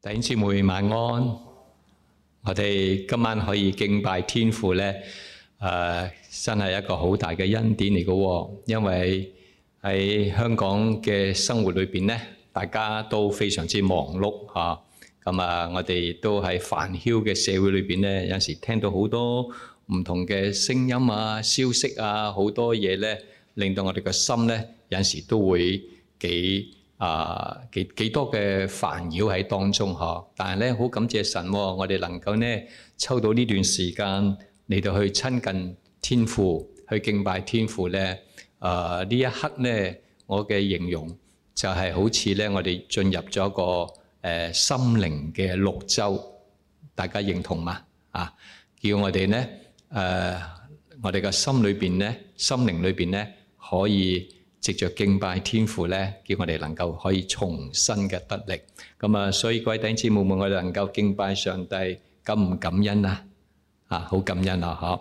弟兄姊妹晚安，我哋今晚可以敬拜天父咧，誒，真係一個好大嘅恩典嚟嘅喎，因為喺香港嘅生活裏邊咧，大家都非常之忙碌啊，咁啊，我哋都喺煩囂嘅社會裏邊咧，有時聽到好多唔同嘅聲音啊、消息啊，好多嘢咧，令到我哋嘅心咧，有時都會幾～啊，幾幾多嘅煩擾喺當中呵，但係咧，好感謝神，我哋能夠咧抽到呢段時間嚟到去親近天父，去敬拜天父咧。啊，呢一刻咧，我嘅形容就係好似咧，我哋進入咗一個誒心靈嘅綠洲，大家認同嗎？啊，叫我哋咧誒，我哋嘅心裏邊咧，心靈裏邊咧，可以。藉著敬拜天父咧，叫我哋能夠可以重新嘅得力咁啊，所以各位弟兄姊妹們，我哋能夠敬拜上帝感唔感恩啊？啊，好感恩啊！嗬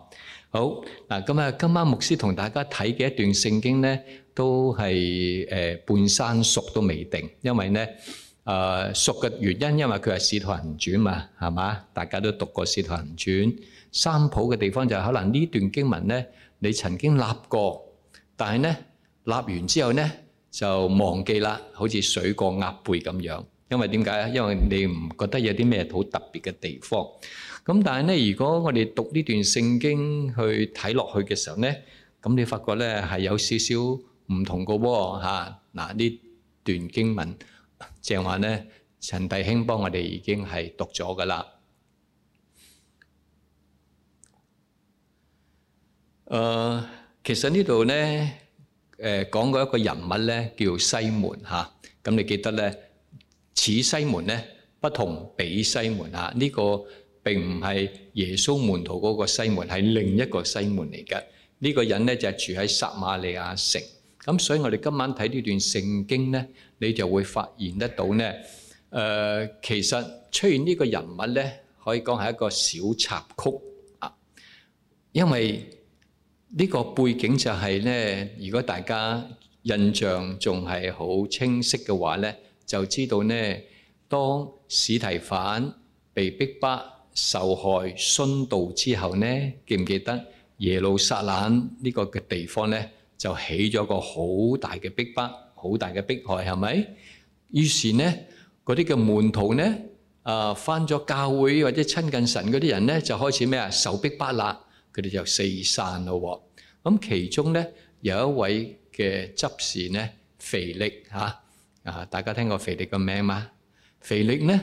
好嗱，咁啊，今晚牧師同大家睇嘅一段聖經咧，都係誒半生熟都未定，因為咧誒熟嘅原因，因為佢係《使徒行傳》嘛，係嘛？大家都讀過《使徒行傳》三普嘅地方就可能呢段經文咧，你曾經立過，但係咧。立完之後呢，就忘記啦，好似水過鴨背咁樣。因為點解啊？因為你唔覺得有啲咩好特別嘅地方。咁但係呢，如果我哋讀呢段聖經去睇落去嘅時候呢，咁你發覺呢係有少少唔同嘅喎嚇。嗱呢段經文，正話呢，陳弟兄幫我哋已經係讀咗㗎喇。誒，其實呢度呢～誒講、呃、過一個人物咧，叫西門嚇。咁、啊、你記得咧，此西門咧不同彼西門嚇。呢、啊這個並唔係耶穌門徒嗰個西門，係另一個西門嚟嘅。呢、這個人咧就是、住喺撒瑪利亞城。咁所以我哋今晚睇呢段聖經咧，你就會發現得到咧，誒、呃、其實出現呢個人物咧，可以講係一個小插曲啊，因為。呢個背景就係呢。如果大家印象仲係好清晰嘅話呢，就知道呢。當史提反被逼迫，迫受害殉道之後呢，記唔記得耶路撒冷呢個嘅地方呢？就起咗個好大嘅逼迫，迫、好大嘅迫害，係咪？於是呢嗰啲嘅門徒呢，啊、呃，返咗教會或者親近神嗰啲人呢，就開始咩啊，受逼迫啦。佢哋就四散咯。咁其中咧有一位嘅執事咧，腓力吓啊！大家聽過腓力嘅名嗎？腓力咧，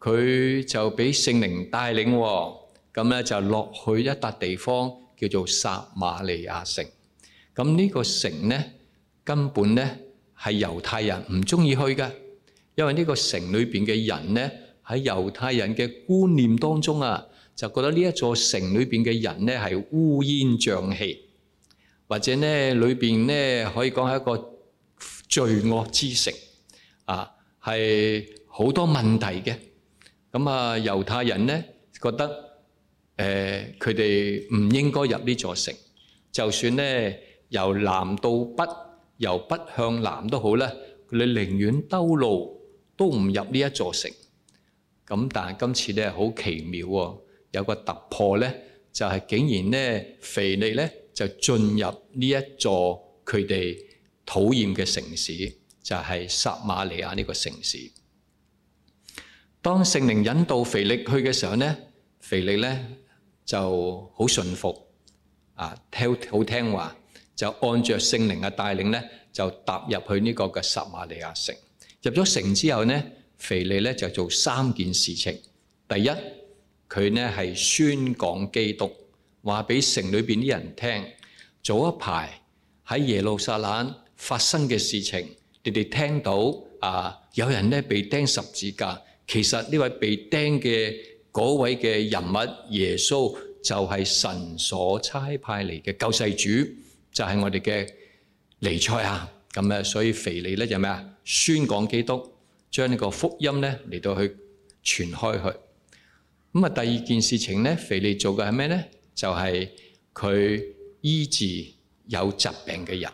佢就俾聖靈帶領，咁咧就落去一笪地方叫做撒瑪利亞城。咁呢個城咧根本咧係猶太人唔中意去嘅，因為呢個城裏邊嘅人咧喺猶太人嘅觀念當中啊。就覺得呢一座城裏邊嘅人呢係烏煙瘴氣，或者呢裏邊呢可以講係一個罪惡之城啊，係好多問題嘅。咁啊，猶太人呢覺得誒佢哋唔應該入呢座城，就算呢由南到北，由北向南都好咧，佢哋寧願兜路都唔入呢一座城。咁但係今次咧好奇妙喎。有個突破呢，就係竟然呢，腓力呢，就進入呢一座佢哋討厭嘅城市，就係撒瑪利亞呢個城市。當聖靈引導腓力去嘅時候呢，腓力呢就好信服啊，聽好聽話，就按著聖靈嘅帶領呢，就踏入去呢個嘅撒瑪利亞城。入咗城之後呢，腓力呢，就做三件事情。第一。佢呢係宣講基督，話俾城裏邊啲人聽。早一排喺耶路撒冷發生嘅事情，你哋聽到啊，有人呢被釘十字架。其實呢位被釘嘅嗰位嘅人物耶穌，就係神所差派嚟嘅救世主，就係我哋嘅彌賽亞。咁啊，所以腓利呢就咩啊，宣講基督，將呢個福音呢嚟到去傳開去。咁啊，第二件事情咧，腓力做嘅係咩咧？就係佢醫治有疾病嘅人，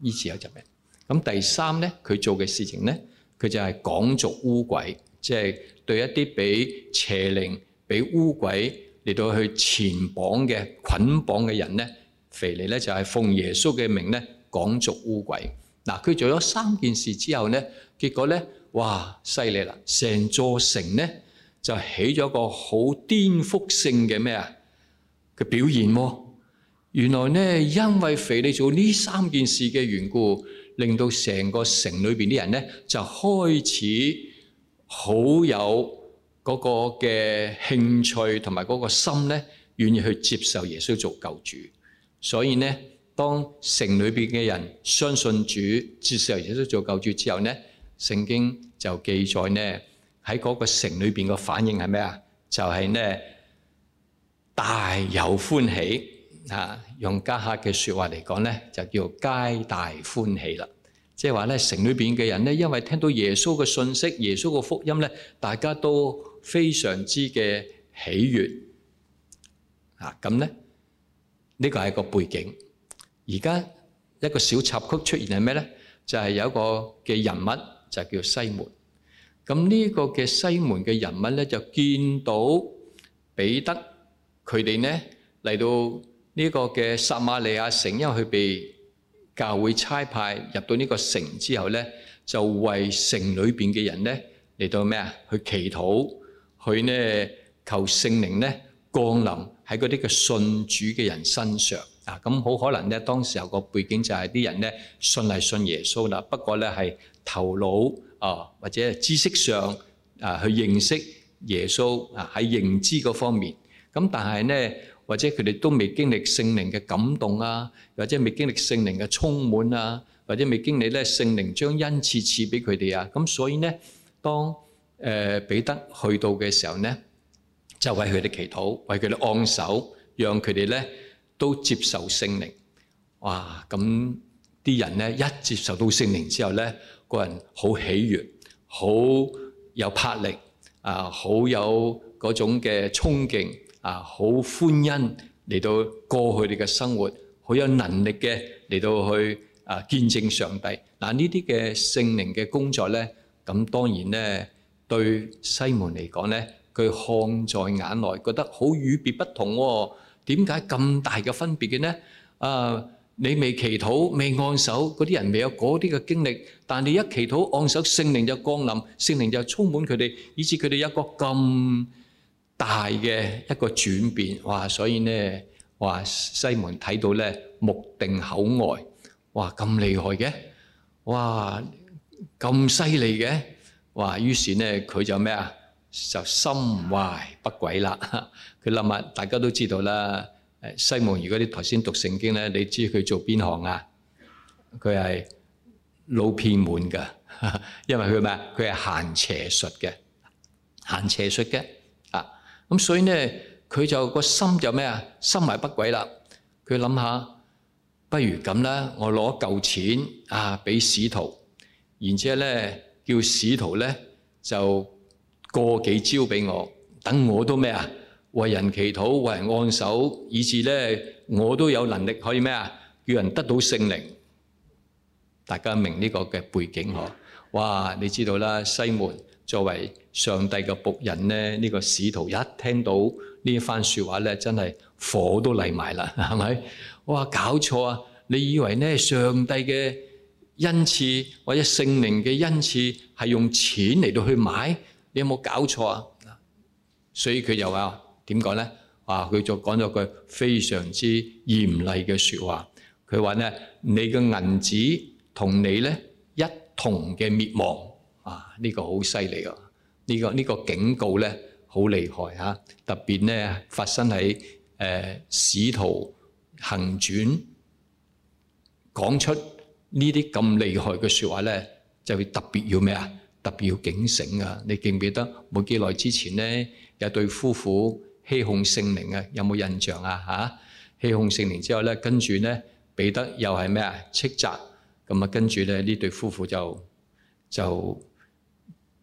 醫治有疾病。咁第三咧，佢做嘅事情咧，佢就係趕逐污鬼，即係對一啲俾邪靈、俾污鬼嚟到去纏綁嘅捆綁嘅人咧，腓力咧就係奉耶穌嘅名咧趕逐污鬼。嗱，佢做咗三件事之後咧，結果咧，哇，犀利啦！成座城咧～就起咗個好顛覆性嘅咩啊嘅表現喎、哦！原來呢，因為腓利做呢三件事嘅緣故，令到成個城裏邊啲人呢，就開始好有嗰個嘅興趣同埋嗰個心呢，願意去接受耶穌做救主。所以呢，當城裏邊嘅人相信主接受耶穌做救主之後呢，聖經就記載呢。喺嗰個城裏邊嘅反應係咩啊？就係咧大有歡喜啊！用家下嘅説話嚟講咧，就叫皆大歡喜啦。即係話咧，城裏邊嘅人咧，因為聽到耶穌嘅訊息、耶穌嘅福音咧，大家都非常之嘅喜悦啊！咁咧，呢個係一個背景。而家一個小插曲出現係咩咧？就係有一個嘅人物就叫西門。咁呢個嘅西門嘅人物咧，就見到彼得佢哋咧嚟到呢個嘅撒瑪利亞城，因為佢被教會差派入到呢個城之後咧，就為城裏邊嘅人咧嚟到咩啊？去祈禱，去咧求聖靈咧降臨喺嗰啲嘅信主嘅人身上啊！咁好可能咧，當時候個背景就係啲人咧信係信耶穌啦，不過咧係頭腦。哦，或者知識上啊去認識耶穌啊喺認知嗰方面，咁但係咧，或者佢哋都未經歷聖靈嘅感動啊，或者未經歷聖靈嘅充滿啊，或者未經歷咧聖靈將恩賜賜俾佢哋啊，咁所以咧，當誒彼得去到嘅時候咧，就為佢哋祈禱，為佢哋按手，讓佢哋咧都接受聖靈。哇！咁啲人咧一接受到聖靈之後咧～個人好喜悅，好有魄力啊！好有嗰種嘅衝勁啊！好歡欣嚟到過去你嘅生活，好有能力嘅嚟到去啊見證上帝。嗱呢啲嘅聖靈嘅工作咧，咁當然咧對西門嚟講咧，佢看在眼內，覺得好與別不同喎。點解咁大嘅分別嘅咧？啊！你未祈禱、未按手，嗰啲人未有嗰啲嘅經歷，但你一祈禱、按手，聖靈就降臨，聖靈就充滿佢哋，以致佢哋一個咁大嘅一個轉變。哇！所以呢，哇！西門睇到呢，目定口呆，哇！咁厲害嘅，哇！咁犀利嘅，哇！於是呢佢就咩啊？就心懷不軌啦。佢諗下，大家都知道啦。誒西門，如果啲頭先讀聖經咧，你知佢做邊行啊？佢係撈偏門嘅，因為佢咩？佢係行邪術嘅，行邪術嘅啊！咁所以咧，佢就個心就咩啊？心懷不軌啦！佢諗下，不如咁啦，我攞嚿錢啊，俾使徒，然之後咧，叫使徒咧就過幾招俾我，等我都咩啊？為人祈禱，為人按手，以致咧我都有能力可以咩啊？叫人得到聖靈。大家明呢個嘅背景嗬？哇！你知道啦，西門作為上帝嘅僕人咧，呢個使徒一聽到呢番説話咧，真係火都嚟埋啦，係咪？哇！搞錯啊！你以為咧上帝嘅恩賜或者聖靈嘅恩賜係用錢嚟到去買？你有冇搞錯啊？所以佢又話。點講呢？啊，佢就講咗句非常之嚴厲嘅説話。佢話呢：你嘅銀紙同你呢一同嘅滅亡啊！呢個好犀利㗎，呢個呢個警告呢好厲害吓。特別呢發生喺誒使徒行傳講出呢啲咁厲害嘅説話呢，就會特別要咩啊？特別要警醒啊！你記唔記得冇幾耐之前呢，有對夫婦？欺哄聖靈啊，有冇印象啊？吓，欺哄聖靈之後咧，跟住咧彼得又係咩啊？斥責，咁啊，跟住咧呢對夫婦就就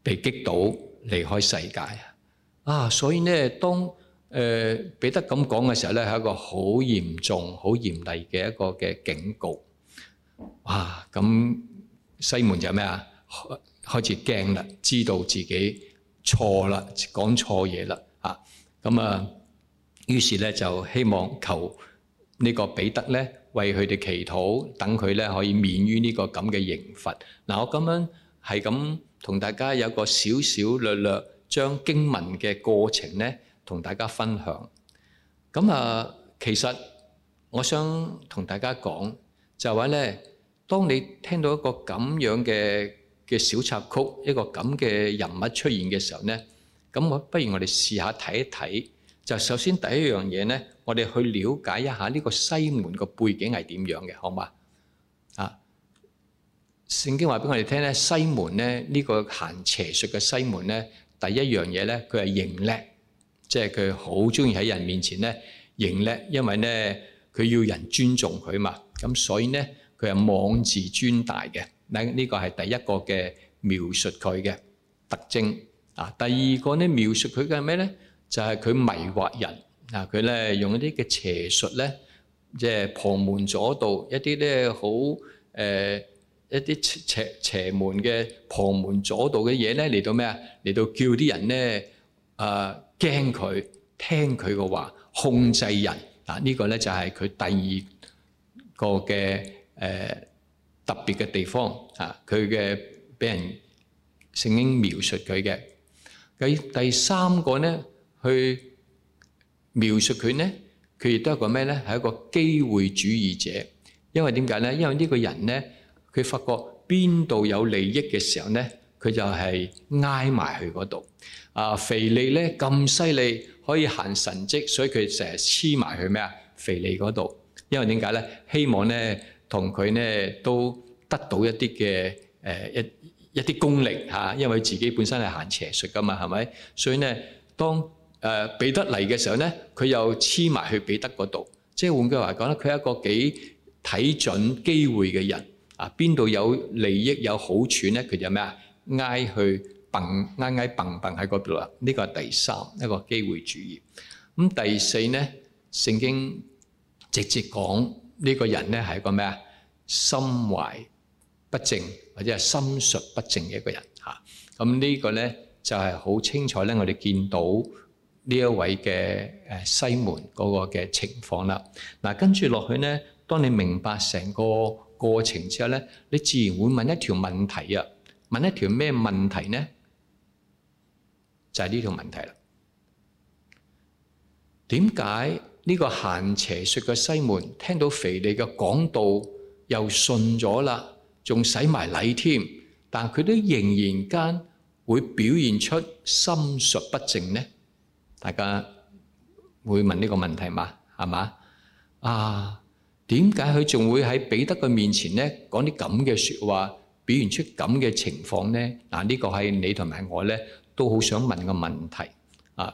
被擊倒，離開世界啊！啊，所以咧當誒彼得咁講嘅時候咧，係一個好嚴重、好嚴厲嘅一個嘅警告。哇！咁西門就咩啊？開開始驚啦，知道自己錯啦，講錯嘢啦，啊！咁啊，於是咧就希望求呢個彼得咧為佢哋祈禱，等佢咧可以免於呢個咁嘅刑罰。嗱，我咁樣係咁同大家有個少少略略將經文嘅過程咧同大家分享。咁啊，其實我想同大家講就係話咧，當你聽到一個咁樣嘅嘅小插曲，一個咁嘅人物出現嘅時候咧。咁我不如我哋試下睇一睇，就首先第一樣嘢咧，我哋去了解一下呢個西門個背景係點樣嘅，好嘛？啊，聖經話畀我哋聽咧，西門咧呢個行邪術嘅西門咧，第一樣嘢咧佢係認叻，即係佢好鍾意喺人面前咧認叻，因為咧佢要人尊重佢嘛。咁所以咧佢係妄自尊大嘅。嗱，呢個係第一個嘅描述佢嘅特徵。啊，第二個咧描述佢嘅係咩咧？就係、是、佢迷惑人，嗱佢咧用一啲嘅邪術咧，即、就、係、是、旁門左道一啲咧好誒一啲邪邪邪門嘅旁門左道嘅嘢咧嚟到咩啊？嚟到叫啲人咧啊驚佢聽佢嘅話，控制人，嗱呢、這個咧就係佢第二個嘅誒、呃、特別嘅地方啊！佢嘅俾人聖經描述佢嘅。計第三個呢，去描述佢呢，佢亦都係一個咩呢？係一個機會主義者，因為點解呢？因為呢個人呢，佢發覺邊度有利益嘅時候呢，佢就係挨埋去嗰度。啊，腓利呢咁犀利，可以行神蹟，所以佢成日黐埋去咩啊？腓利嗰度，因為點解呢？希望呢同佢呢都得到一啲嘅誒一。一啲功力吓，因為佢自己本身係行邪術噶嘛，係咪？所以咧，當誒彼得嚟嘅時候咧，佢又黐埋去彼得嗰度。即係換句話講咧，佢係一個幾睇準機會嘅人啊！邊度有利益有好處咧？佢就咩啊？挨去揈，挨挨揈揈喺嗰度啦。呢個係第三一個機會主義。咁第四咧，聖經直接講呢個人咧係一個咩啊？心懷不正或者係心術不正嘅一個人嚇，咁呢個咧就係好清楚咧，我哋見到呢一位嘅誒西門嗰個嘅情況啦。嗱，跟住落去咧，當你明白成個過程之後咧，你自然會問一條問題啊，問一條咩問題呢？就係呢條問題啦。點解呢個行邪術嘅西門聽到腓利嘅講道又信咗啦？仲洗埋禮添，但佢都仍然間會表現出心術不正呢？大家會問呢個問題嘛？係嘛？啊，點解佢仲會喺彼得嘅面前呢？講啲咁嘅説話，表現出咁嘅情況呢？嗱，呢個係你同埋我咧都好想問嘅問題。啊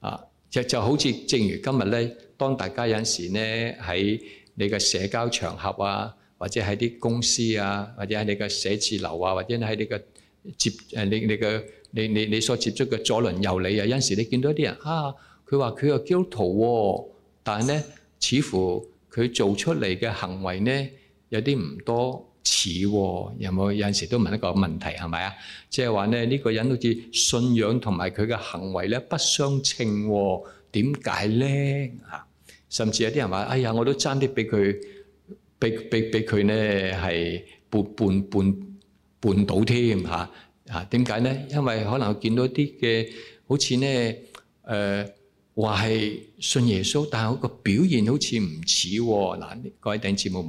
啊，就就好似正如今日咧，當大家有時呢喺你嘅社交場合啊。或者喺啲公司啊，或者喺你嘅寫字樓啊，或者喺你嘅接誒你你嘅你你你所接觸嘅左鄰右里啊，有陣時你見到啲人啊，佢話佢個基督徒喎、啊，但係咧似乎佢做出嚟嘅行為咧有啲唔多似喎，有冇、啊、有陣時都問一個問題係咪啊？即係話咧呢、呢個人好似信仰同埋佢嘅行為咧不相稱喎、啊，點解咧啊？甚至有啲人話：哎呀，我都爭啲俾佢。俾俾俾佢呢係半半半半倒添嚇嚇，點解呢？因為可能我見到啲嘅，好似呢誒話係信耶穌，但係個表現好似唔似。嗱，各位弟兄姊妹，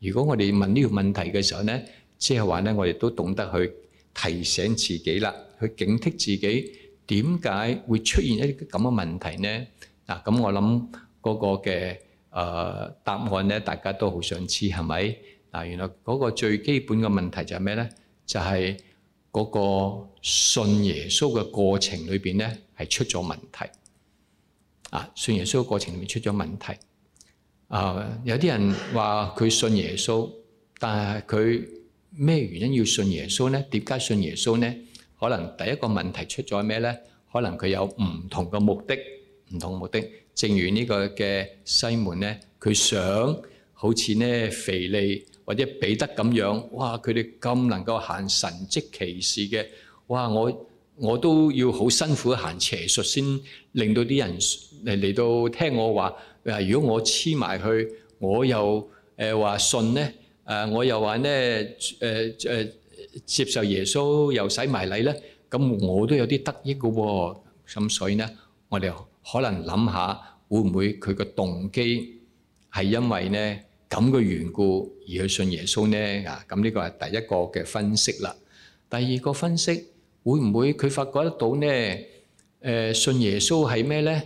如果我哋問呢個問題嘅時候呢，即係話呢我哋都懂得去提醒自己啦，去警惕自己，點解會出現一啲咁嘅問題呢？嗱，咁我諗嗰個嘅。誒答案咧，大家都好想知係咪？嗱，原來嗰個最基本嘅問題就係咩咧？就係嗰個信耶穌嘅過程裏邊咧，係出咗問題。啊，信耶穌嘅過程裏面出咗問題。啊，有啲人話佢信耶穌，但係佢咩原因要信耶穌咧？點解信耶穌咧？可能第一個問題出咗咩咧？可能佢有唔同嘅目的，唔同嘅目的。正如呢個嘅西門咧，佢想好似呢腓利或者彼得咁樣，哇！佢哋咁能夠行神蹟奇事嘅，哇！我我都要好辛苦行邪術先令到啲人嚟嚟到聽我話。如果我黐埋去，我又誒話、呃、信咧，誒、呃、我又話咧誒誒接受耶穌又洗埋禮咧，咁我都有啲得益嘅喎、哦。咁所以咧，我哋。可能諗下會唔會佢個動機係因為呢咁嘅緣故而去信耶穌呢？啊，咁呢個係第一個嘅分析啦。第二個分析會唔會佢發覺得到呢？誒，信耶穌係咩呢？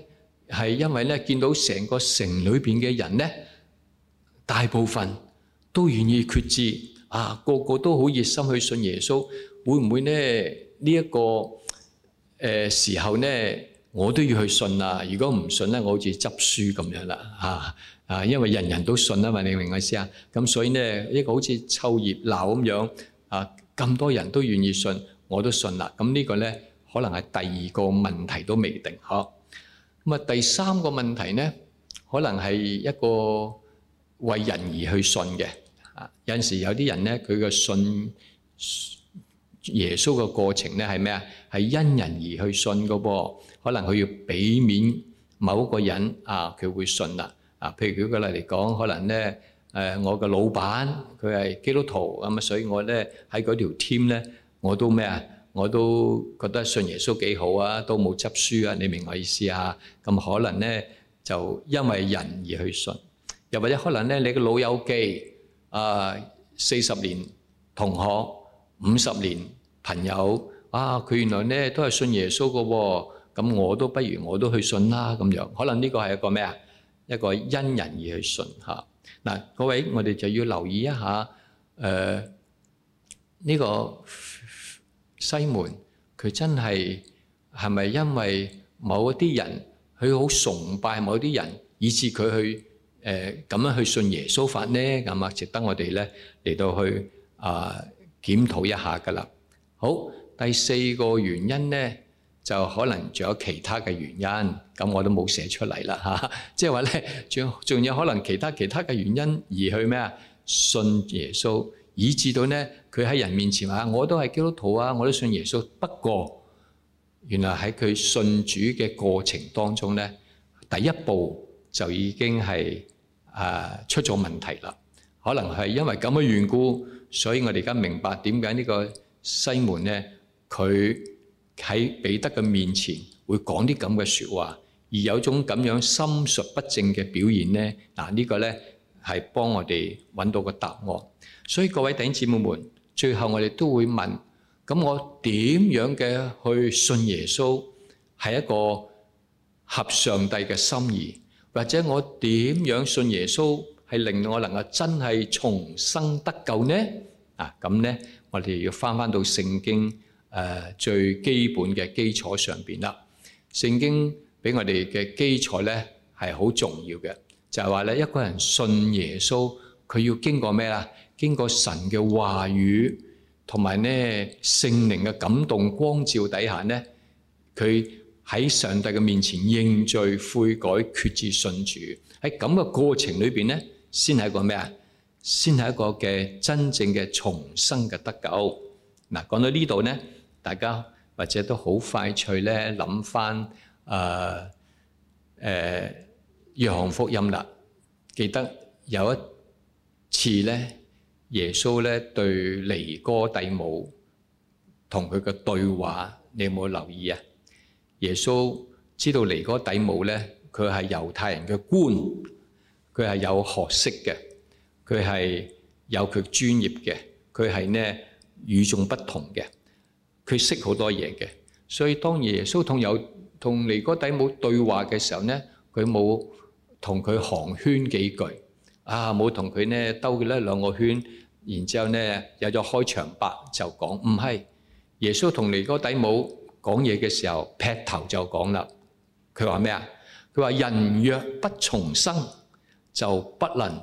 係因為呢見到成個城裏邊嘅人呢，大部分都願意決志啊，個個都好熱心去信耶穌。會唔會呢？呢一個誒時候呢？我都要去信啦，如果唔信咧，我好似執書咁樣啦，嚇啊，啊，啊，啊！因為人人都信吖，嘛，你明唔明意思啊？咁所以呢，一個好似湊熱鬧咁樣啊，咁、啊、多人都願意信，我都信啦。咁、啊、呢個呢，可能係第二個問題都未定，呵。咁啊，第三個問題呢，可能係一個為人而去信嘅、啊，有陣時有啲人呢，佢嘅信。耶穌嘅過程咧係咩啊？係因人而去信嘅噃，可能佢要俾面某一個人啊，佢會信啦。啊，譬如舉個例嚟講，可能咧誒，我嘅老闆佢係基督徒咁啊，所以我咧喺嗰條 team 咧，我都咩啊？我都覺得信耶穌幾好啊，都冇執輸啊，你明我意思啊？咁可能咧就因為人而去信，又或者可能咧你嘅老友記啊，四十年同學，五十年。朋友，啊，佢原來咧都係信耶穌嘅喎，咁我都不如我都去信啦咁樣。可能呢個係一個咩啊？一個因人而去信吓。嗱，各位我哋就要留意一下，誒呢個西門佢真係係咪因為某一啲人佢好崇拜某啲人，以致佢去誒咁樣去信耶穌法呢？咁啊，值得我哋咧嚟到去啊檢討一下㗎啦。好，第四個原因呢，就可能仲有其他嘅原因，咁我都冇寫出嚟啦嚇。即係話呢，仲仲有可能其他其他嘅原因而去咩啊？信耶穌，以致到呢佢喺人面前話，我都係基督徒啊，我都信耶穌。不過原來喺佢信主嘅過程當中呢，第一步就已經係啊出咗問題啦。可能係因為咁嘅緣故，所以我哋而家明白點解呢個。西門咧，佢喺彼得嘅面前會講啲咁嘅説話，而有種咁樣心術不正嘅表現咧。嗱呢個咧係幫我哋揾到個答案。所以各位弟兄姊妹們，最後我哋都會問：咁我點樣嘅去信耶穌係一個合上帝嘅心意，或者我點樣信耶穌係令到我能夠真係重生得救呢？啊咁咧？我哋要翻翻到聖經誒、呃、最基本嘅基礎上邊啦。聖經俾我哋嘅基礎咧係好重要嘅，就係話咧一個人信耶穌，佢要經過咩啊？經過神嘅話語同埋咧聖靈嘅感動光照底下咧，佢喺上帝嘅面前認罪悔改，決志信主。喺咁嘅過程裏邊呢先係一個咩啊？先係一個嘅真正嘅重生嘅得救。嗱，講到呢度咧，大家或者都好快脆咧諗翻誒誒《約翰福音》啦。記得有一次咧，耶穌咧對尼哥底母同佢嘅對話，你有冇留意啊？耶穌知道尼哥底母咧，佢係猶太人嘅官，佢係有學識嘅。佢係有佢專業嘅，佢係咧與眾不同嘅，佢識好多嘢嘅，所以當耶穌同有同尼哥底母對話嘅時候咧，佢冇同佢寒暄幾句，啊冇同佢咧兜佢咧兩個圈，然之後咧有咗開場白就講，唔係，耶穌同尼哥底母講嘢嘅時候劈頭就講啦，佢話咩啊？佢話人若不重生就不能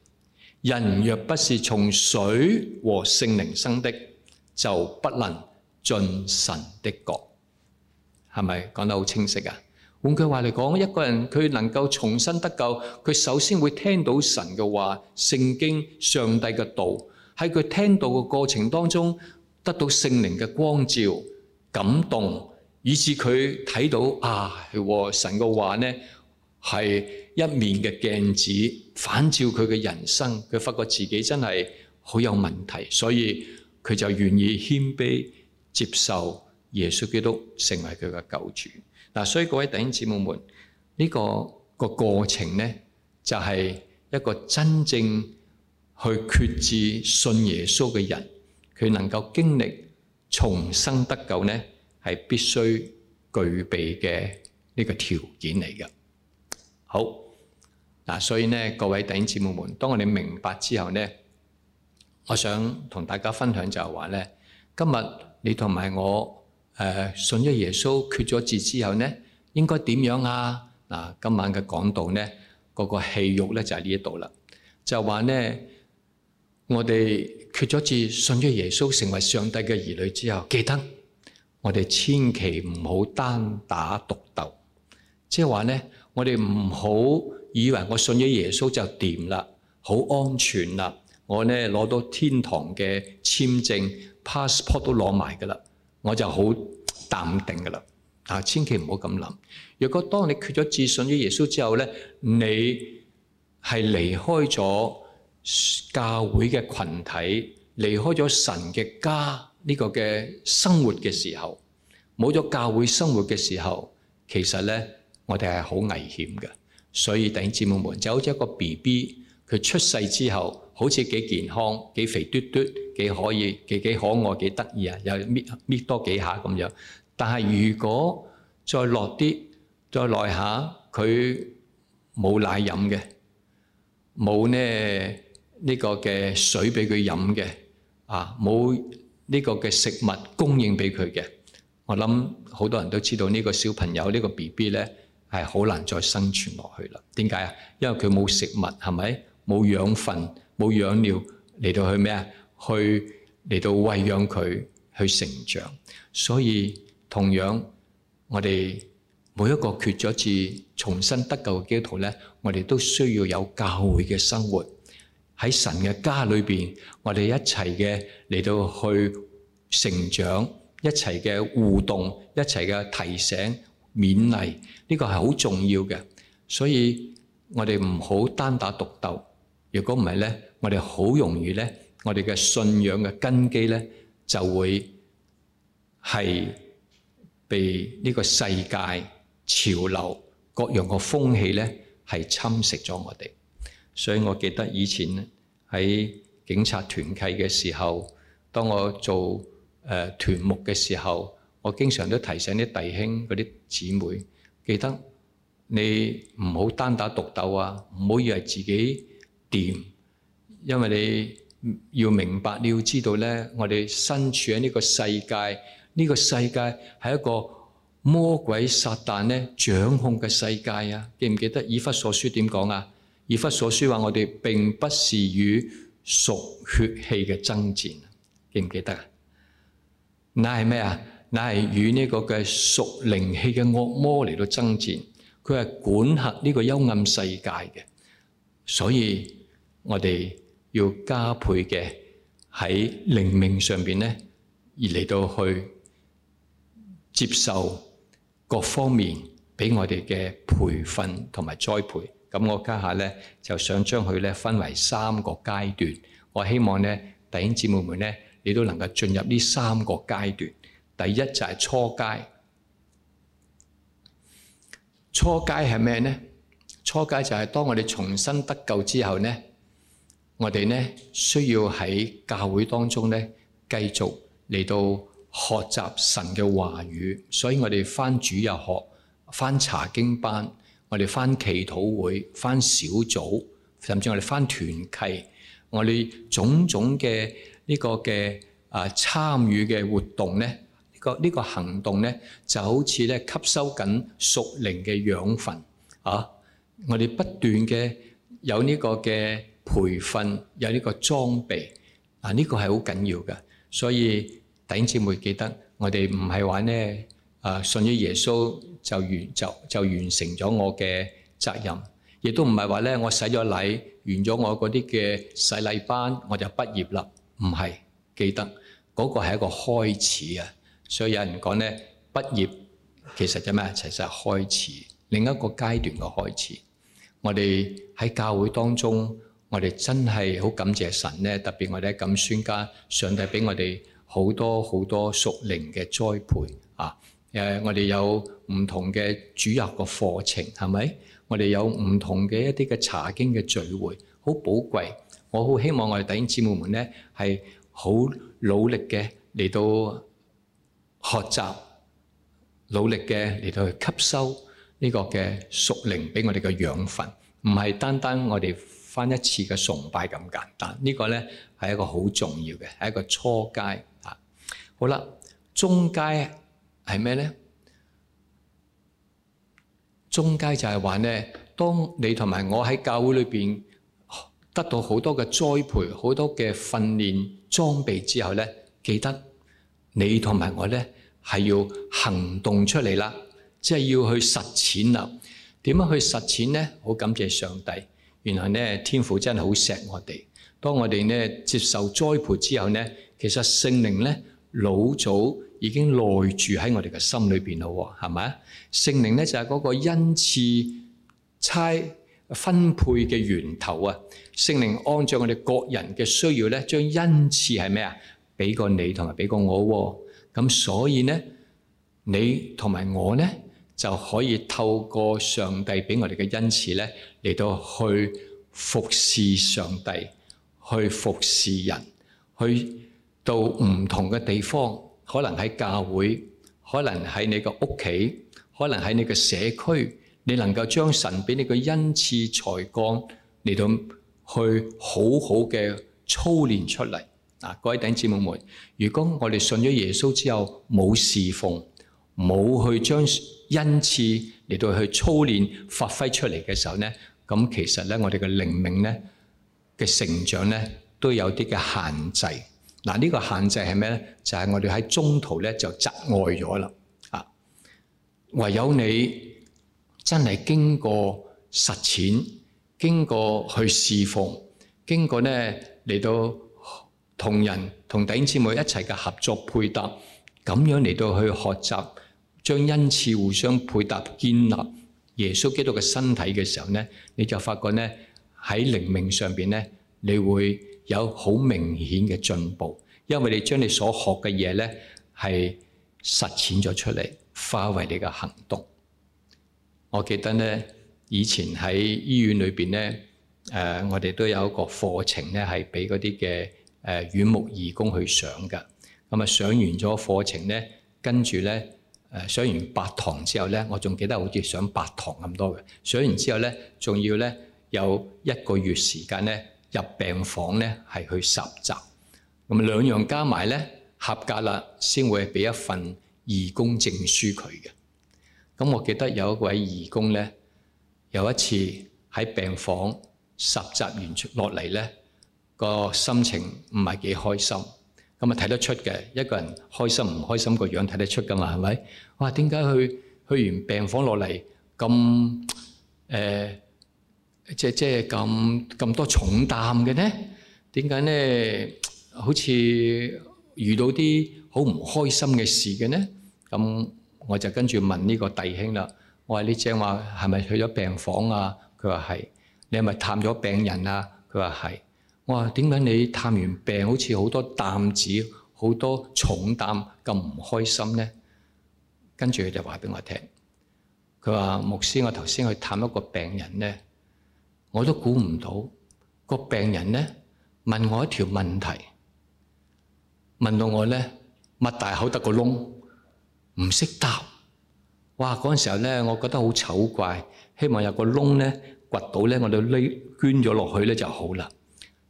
人若不是從水和聖靈生的，就不能進神的國。係咪講得好清晰啊？換句話嚟講，一個人佢能夠重生得救，佢首先會聽到神嘅話、聖經、上帝嘅道。喺佢聽到嘅過程當中，得到聖靈嘅光照、感動，以致佢睇到啊，哦、神嘅話呢係一面嘅鏡子。反照佢嘅人生，佢發覺自己真係好有問題，所以佢就願意謙卑接受耶穌基督成為佢嘅救主。嗱，所以各位弟兄姊妹們，呢個個過程咧，就係一個真正去決志信耶穌嘅人，佢能夠經歷重生得救咧，係必須具備嘅呢個條件嚟嘅。好。嗱、啊，所以咧，各位弟兄姊妹們，當我哋明白之後呢，我想同大家分享就係話咧，今日你同埋我誒、呃、信咗耶穌、決咗志之後呢，應該點樣啊？嗱、啊，今晚嘅講道呢，嗰、這個戲肉咧就係呢一度啦，就話、是、呢，我哋決咗志，信咗耶穌、成為上帝嘅兒女之後，記得我哋千祈唔好單打獨鬥，即係話呢，我哋唔好。以為我信咗耶穌就掂啦，好安全啦。我呢攞到天堂嘅簽證 passport 都攞埋㗎喇，我就好淡定㗎喇。啊，千祈唔好咁諗。若果當你決咗志信咗耶穌之後呢，你係離開咗教會嘅群體，離開咗神嘅家呢個嘅生活嘅時候，冇咗教會生活嘅時候，其實呢，我哋係好危險嘅。所以弟兄姊妹們，就好似一個 B B，佢出世之後，好似幾健康、幾肥嘟嘟、幾可以、幾幾可愛、幾得意啊！又搣搣多幾下咁樣。但係如果再落啲、再耐下，佢冇奶飲嘅，冇呢呢個嘅水俾佢飲嘅，啊，冇呢個嘅食物供應俾佢嘅。我諗好多人都知道呢個小朋友、呢個 B B 咧，係好難再生存落去啦！點解啊？因為佢冇食物，係咪冇養分、冇養料嚟到去咩啊？去嚟到餵養佢去成長。所以同樣，我哋每一個決咗志、重新得救嘅基督徒咧，我哋都需要有教會嘅生活喺神嘅家裏邊，我哋一齊嘅嚟到去成長，一齊嘅互動，一齊嘅提醒。勉勵呢個係好重要嘅，所以我哋唔好單打獨鬥。如果唔係呢，我哋好容易呢，我哋嘅信仰嘅根基呢就會係被呢個世界潮流各樣嘅風氣呢係侵蝕咗我哋。所以我記得以前喺警察團契嘅時候，當我做誒團牧嘅時候。我經常都提醒啲弟兄嗰啲姊妹，記得你唔好單打獨鬥啊，唔好以為自己掂，因為你要明白，你要知道咧，我哋身處喺呢個世界，呢個世界係一個魔鬼撒旦咧掌控嘅世界啊！記唔記得？以弗所書點講啊？以弗所書話我哋並不是與屬血氣嘅爭戰，記唔記得啊？那係咩啊？乃係與呢個嘅屬靈氣嘅惡魔嚟到爭戰，佢係管轄呢個幽暗世界嘅，所以我哋要加倍嘅喺靈命上邊咧，而嚟到去接受各方面俾我哋嘅培訓同埋栽培。咁我家下咧就想將佢咧分為三個階段，我希望咧弟兄姊妹們咧，你都能夠進入呢三個階段。第一就係初階，初階係咩呢？初階就係當我哋重新得救之後呢，我哋呢需要喺教會當中呢繼續嚟到學習神嘅話語，所以我哋返主日學、返查經班、我哋返祈禱會、返小組，甚至我哋返團契，我哋種種嘅呢個嘅啊參與嘅活動呢。個呢個行動呢就好似呢吸收緊屬靈嘅養分啊！我哋不斷嘅有呢個嘅培訓，有呢個裝備嗱，呢個係好緊要嘅。所以弟兄姊妹記得，我哋唔係話呢啊，信咗耶穌就完就就完成咗我嘅責任，亦都唔係話呢我洗咗禮完咗我嗰啲嘅洗禮班我就畢業啦。唔係，記得嗰個係一個開始啊！所以有人講呢，畢業其實就咩？其實係開始另一個階段嘅開始。我哋喺教會當中，我哋真係好感謝神呢，特別我哋喺錦宣家，上帝畀我哋好多好多屬靈嘅栽培啊！誒，我哋有唔同嘅主日嘅課程，係咪？我哋有唔同嘅一啲嘅查經嘅聚會，好寶貴。我好希望我哋弟兄姊妹們呢，係好努力嘅嚟到。學習努力嘅嚟到去吸收呢個嘅屬靈俾我哋嘅養分，唔係單單我哋返一次嘅崇拜咁簡單。呢個呢係一個好重要嘅，係一個初階嚇。好啦，中階係咩呢？中階就係話呢，當你同埋我喺教會裏面得到好多嘅栽培、好多嘅訓練、裝備之後呢，記得。你同埋我呢，係要行動出嚟啦，即係要去實踐啦。點樣去實踐呢？好感謝上帝，原來呢，天父真係好錫我哋。當我哋呢接受栽培之後呢，其實聖靈呢老早已經內住喺我哋嘅心裏邊啦，係咪啊？聖靈呢就係、是、嗰個恩賜差分配嘅源頭啊！聖靈按照我哋各人嘅需要呢，將恩賜係咩啊？俾過你同埋俾過我喎，咁所以呢，你同埋我呢就可以透過上帝俾我哋嘅恩賜呢，嚟到去服侍上帝，去服侍人，去到唔同嘅地方，可能喺教會，可能喺你嘅屋企，可能喺你嘅社區，你能夠將神俾你嘅恩賜才幹嚟到去好好嘅操練出嚟。嗱，各位弟兄姊妹，如果我哋信咗耶穌之後冇侍奉，冇去將恩賜嚟到去操練發揮出嚟嘅時候呢，咁其實呢我哋嘅靈命呢嘅成長呢都有啲嘅限制。嗱，呢個限制係咩呢？就係我哋喺中途呢就窒礙咗啦。啊，唯有你真係經過實踐，經過去侍奉，經過呢嚟到，同人同弟兄姊妹一齊嘅合作配搭，咁樣嚟到去學習，將恩賜互相配搭，建立耶穌基督嘅身體嘅時候呢，你就發覺呢，喺靈命上邊呢，你會有好明顯嘅進步，因為你將你所學嘅嘢呢係實踐咗出嚟，化為你嘅行動。我記得呢，以前喺醫院裏邊呢，誒，我哋都有一個課程呢，係俾嗰啲嘅。誒，院牧義工去上嘅，咁啊上完咗課程呢，跟住呢，誒上完八堂之後呢，我仲記得好似上八堂咁多嘅，上完之後呢，仲要呢，有一個月時間呢，入病房呢係去實習，咁兩樣加埋呢，合格啦，先會俾一份義工證書佢嘅。咁我記得有一位義工呢，有一次喺病房實習完出落嚟呢。個心情唔係幾開心，咁啊睇得出嘅，一個人開心唔開心個樣睇得出噶嘛，係咪？我話點解去去完病房落嚟咁誒，即係即係咁咁多重擔嘅呢？點解呢？好似遇到啲好唔開心嘅事嘅呢？咁我就跟住問呢個弟兄啦，我話：你正話係咪去咗病房啊？佢話係，你係咪探咗病人啊？佢話係。我話，點解你探完病好似好多擔子、好多重擔咁唔開心咧？跟住佢就話畀我聽，佢話，牧師，我頭先去探一個病人咧，我都估唔到個病人咧問我一條問題，問到我咧擘大口得個窿，唔識答。哇！嗰陣時候咧，我覺得好醜怪，希望有個窿咧，掘到咧，我哋匿捐咗落去咧就好啦。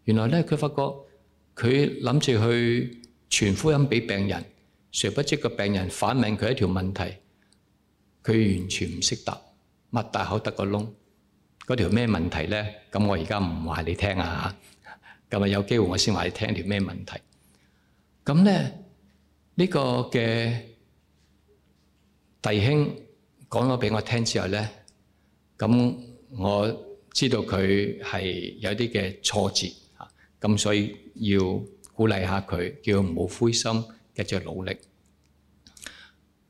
原來呢，佢發覺佢諗住去傳福音畀病人，誰不知個病人反問佢一條問題，佢完全唔識答，擘大口得個窿。嗰條咩問題呢？咁我而家唔話你聽啊！今日有機會我先話你聽條咩問題。咁呢呢個嘅弟兄講咗畀我聽之後呢，咁我知道佢係有啲嘅挫折。咁所以要鼓勵下佢，叫佢唔好灰心，繼續努力。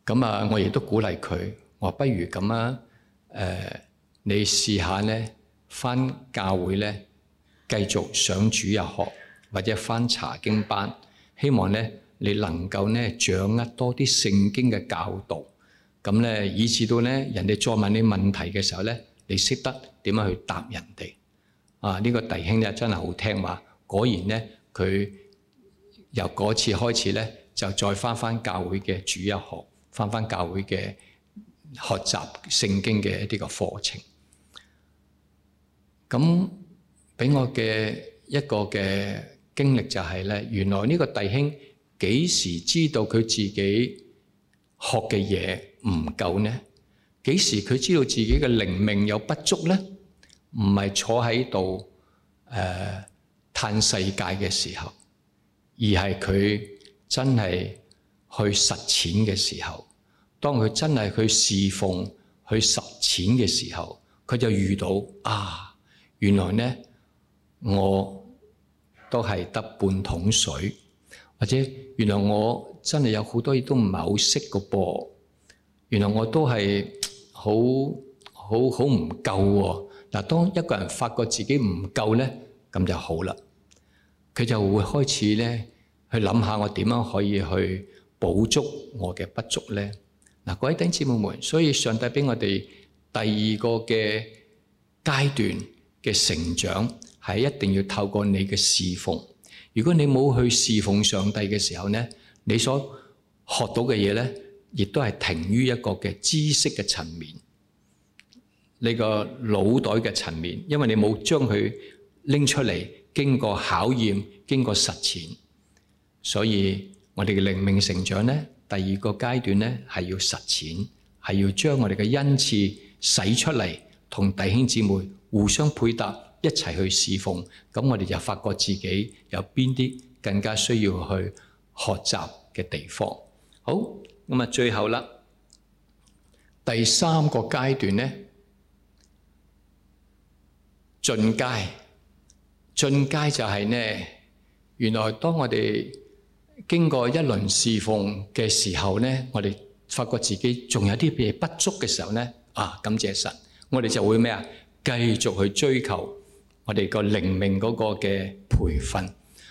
咁啊，我亦都鼓勵佢，我話不如咁啊，誒，你試下咧，翻教會咧，繼續上主日學或者翻查經班，希望咧你能夠咧掌握多啲聖經嘅教導，咁咧以致到咧人哋再問你問題嘅時候咧，你識得點樣去答人哋。啊，呢個弟兄咧真係好聽話。果然呢，佢由嗰次開始呢，就再返返教會嘅主日學，返返教會嘅學習聖經嘅一啲嘅課程。咁俾我嘅一個嘅經歷就係呢，原來呢個弟兄幾時知道佢自己學嘅嘢唔夠呢？幾時佢知道自己嘅靈命有不足呢？唔係坐喺度誒，嘆世界嘅時候，而係佢真係去實踐嘅時候。當佢真係去侍奉、去實踐嘅時候，佢就遇到啊，原來呢，我都係得半桶水，或者原來我真係有好多嘢都唔係好識個噃。原來我都係好好好唔夠喎。嗱、啊，當一個人發覺自己唔夠咧。咁就好啦，佢就會開始咧去諗下我點樣可以去補足我嘅不足咧。嗱、啊，各位弟兄姊妹們，所以上帝俾我哋第二個嘅階段嘅成長係一定要透過你嘅侍奉。如果你冇去侍奉上帝嘅時候咧，你所學到嘅嘢咧，亦都係停於一個嘅知識嘅層面，你個腦袋嘅層面，因為你冇將佢，拎出嚟，經過考驗，經過實踐，所以我哋嘅靈命成長咧，第二個階段咧係要實踐，係要將我哋嘅恩賜使出嚟，同弟兄姊妹互相配搭，一齊去侍奉，咁我哋就發覺自己有邊啲更加需要去學習嘅地方。好，咁啊，最後啦，第三個階段咧，進階。進階就係呢，原來當我哋經過一輪侍奉嘅時候呢，我哋發覺自己仲有啲嘢不足嘅時候呢，啊，感謝神，我哋就會咩啊，繼續去追求我哋個靈命嗰個嘅培訓。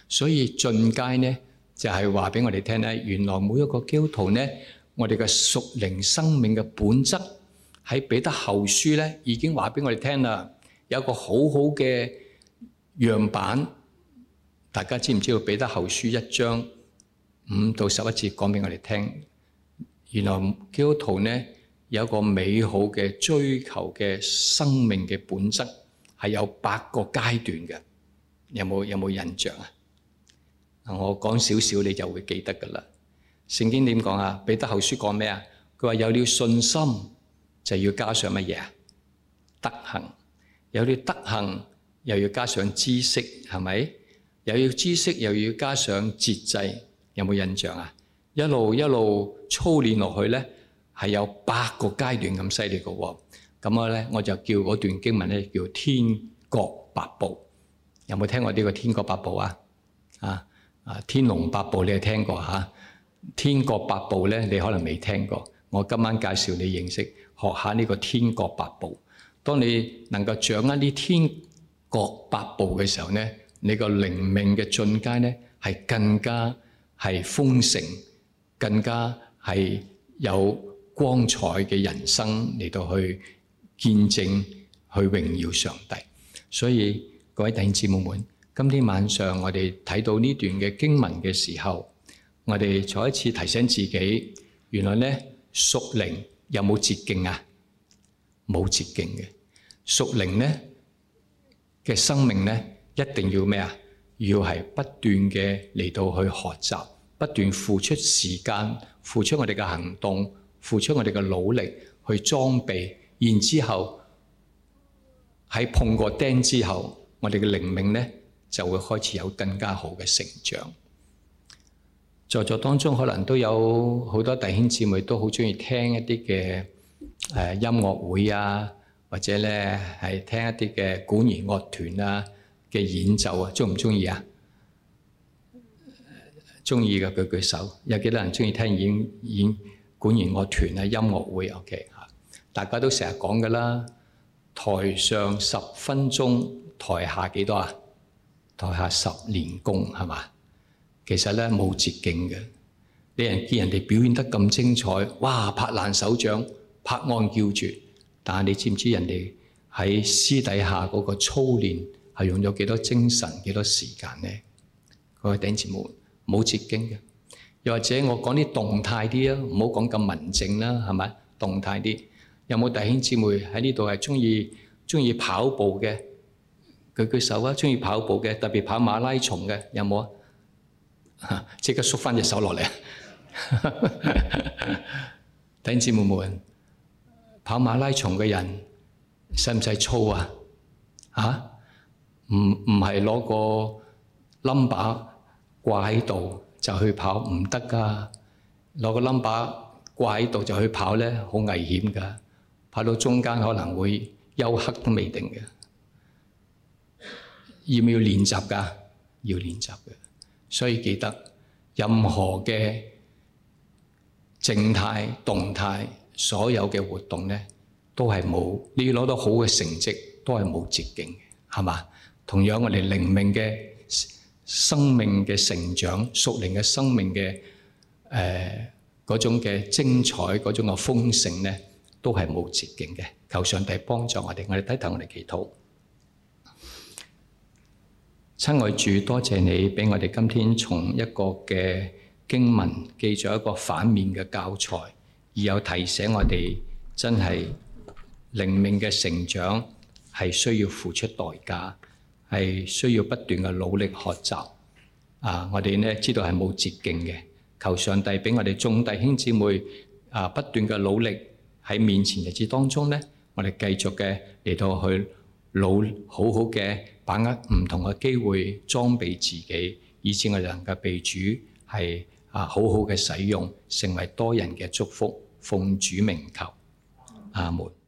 所以進階呢就係話俾我哋聽呢，原來每一個基督徒呢，我哋嘅屬靈生命嘅本質喺彼得後書呢已經話俾我哋聽啦，有個好好嘅。樣板，大家知唔知道？彼得後書一章五到十一節講畀我哋聽，原來基督徒呢有一個美好嘅追求嘅生命嘅本質係有八個階段嘅，有冇有冇印象啊？我講少少你就會記得㗎啦。聖經點講啊？彼得後書講咩啊？佢話有了信心就要加上乜嘢啊？德行，有了德行。又要加上知識，係咪？又要知識，又要加上節制，有冇印象啊？一路一路操練落去呢，係有八個階段咁犀利嘅喎。咁我呢，我就叫嗰段經文呢，叫《天國八部》，有冇聽過呢個《天國八部》啊？啊啊《天龍八部》你係聽過嚇，啊《天國八部》呢，你可能未聽過。我今晚介紹你認識，學下呢個《天國八部》。當你能夠掌握啲天各八步嘅時候呢，你個靈命嘅進階呢，係更加係豐盛，更加係有光彩嘅人生嚟到去見證，去榮耀上帝。所以各位弟兄姊妹們，今天晚上我哋睇到呢段嘅經文嘅時候，我哋再一次提醒自己，原來呢屬靈有冇捷徑啊？冇捷徑嘅屬靈呢。嘅生命咧，一定要咩啊？要係不斷嘅嚟到去學習，不斷付出時間，付出我哋嘅行動，付出我哋嘅努力去裝備。然之後，喺碰過釘之後，我哋嘅靈命咧就會開始有更加好嘅成長。在座當中可能都有好多弟兄姊妹都好鍾意聽一啲嘅誒音樂會啊！或者呢係聽一啲嘅管弦樂團啊嘅演奏啊，鍾唔鍾意啊？鍾意嘅舉舉手，有幾多人鍾意聽演演管弦樂團啊？音樂會 OK 嚇，大家都成日講㗎啦。台上十分鐘，台下幾多啊？台下十年功係嘛？其實呢冇捷徑嘅，你人見人哋表演得咁精彩，哇！拍爛手掌，拍案叫絕。但係你知唔知人哋喺私底下嗰個操練係用咗幾多精神、幾多時間呢？各位弟兄姊妹，冇捷徑嘅。又或者我講啲動態啲啊，唔好講咁文靜啦，係咪？動態啲。有冇弟兄姊妹喺呢度係鍾意鍾意跑步嘅？舉舉手啊！鍾意跑步嘅，特別跑馬拉松嘅，有冇啊？即刻縮翻隻手落嚟。弟兄姊妹們。跑馬拉松嘅人使唔使操啊？嚇、啊，唔唔係攞個冧巴掛喺度就去跑唔得噶。攞個冧巴掛喺度就去跑咧，好危險噶，跑到中間可能會休克都未定嘅。要唔要練習噶？要練習嘅，所以記得任何嘅靜態、動態。所有嘅活動呢，都係冇你要攞到好嘅成績，都係冇捷徑嘅，係嘛？同樣我哋靈命嘅生命嘅成長、屬靈嘅生命嘅誒嗰種嘅精彩、嗰種嘅豐盛呢，都係冇捷徑嘅。求上帝幫助我哋，我哋低頭，我哋祈禱。親愛主，多謝你俾我哋今天從一個嘅經文記住一個反面嘅教材，有提醒我哋，真係靈命嘅成長係需要付出代價，係需要不斷嘅努力學習。啊，我哋呢知道係冇捷徑嘅，求上帝俾我哋眾弟兄姊妹啊不斷嘅努力喺面前日子當中呢，我哋繼續嘅嚟到去努好好嘅把握唔同嘅機會裝備自己，以致我哋能夠被主係啊好好嘅使用，成為多人嘅祝福。奉主名求，阿門。